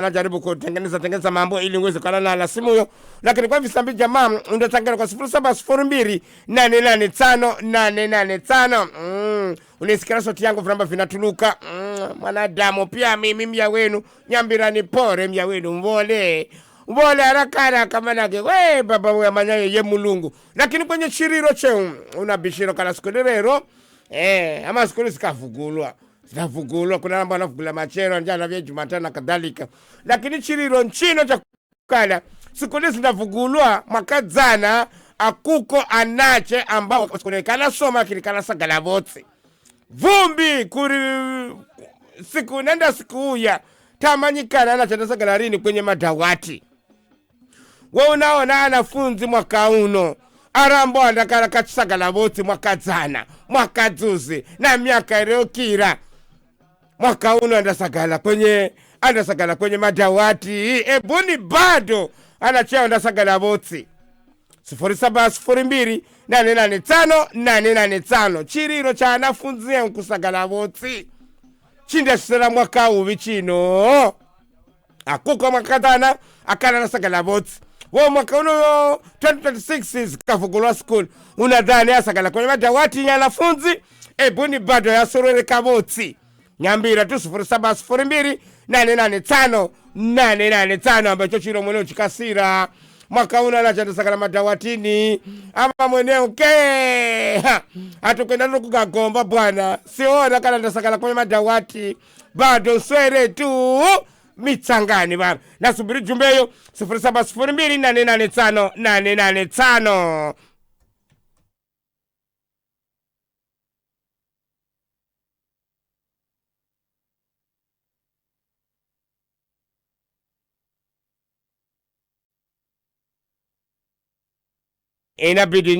anajaribu kutengeneza tengeneza mambo ili uweze kuana na simu hiyo, lakini kwa hivi sasa jamaa unatangana kwa 0702885885. Mm, unisikia sauti yangu vamba vinatuluka. Mm, mwanadamu pia mimi mya wenu nyambira ni pore mya wenu mbole mbole haraka haraka manake we baba we manyaye ye mulungu, lakini kwenye chiriro cheu unabishiro kala siku eh ama siku sikavugulwa zitafugulwa. Kuna ambao wanafugula machero njana vya Jumatano na kadhalika, lakini chiriro nchino cha kukala siku hizi zitafugulwa mwakadzana akuko anache ambao sikuonekana soma kana sagala votsi vumbi kuri siku nenda siku uya tamanyikana na sagala rini kwenye madawati we unaona anafunzi mwaka uno arambo andakara kachisagala botsi mwakadzana mwakadzuzi na miaka iriyokira mwaka uno andasagala kwenye andasagala kwenye madawati ebuni bado anachea andasagala botsi sifuri saba sifuri mbili nane nane tano nane nane tano chiriro cha anafunzi enkusagala botsi chindasisera mwaka uvi chino akuko mwaka tana akana anasagala botsi wo mwaka uno 2026 zikavugulwa school unadhani asagala kwenye madawati ya anafunzi ebuni bado yasorereka botsi nyambira tu sifuri saba sifuri mbili nane nane tano nane nane tano ambacho chilo mweneo chikasira mwaka uno anachandisakala madawatini ama mweneo ke atukenda kukagomba bwana siona kana ndasakala kwenye madawati bado swere tu mitsangani bana nasubiri jumbeyo sifuri saba sifuri mbili nane nane tano nane nane tano ain't that bitch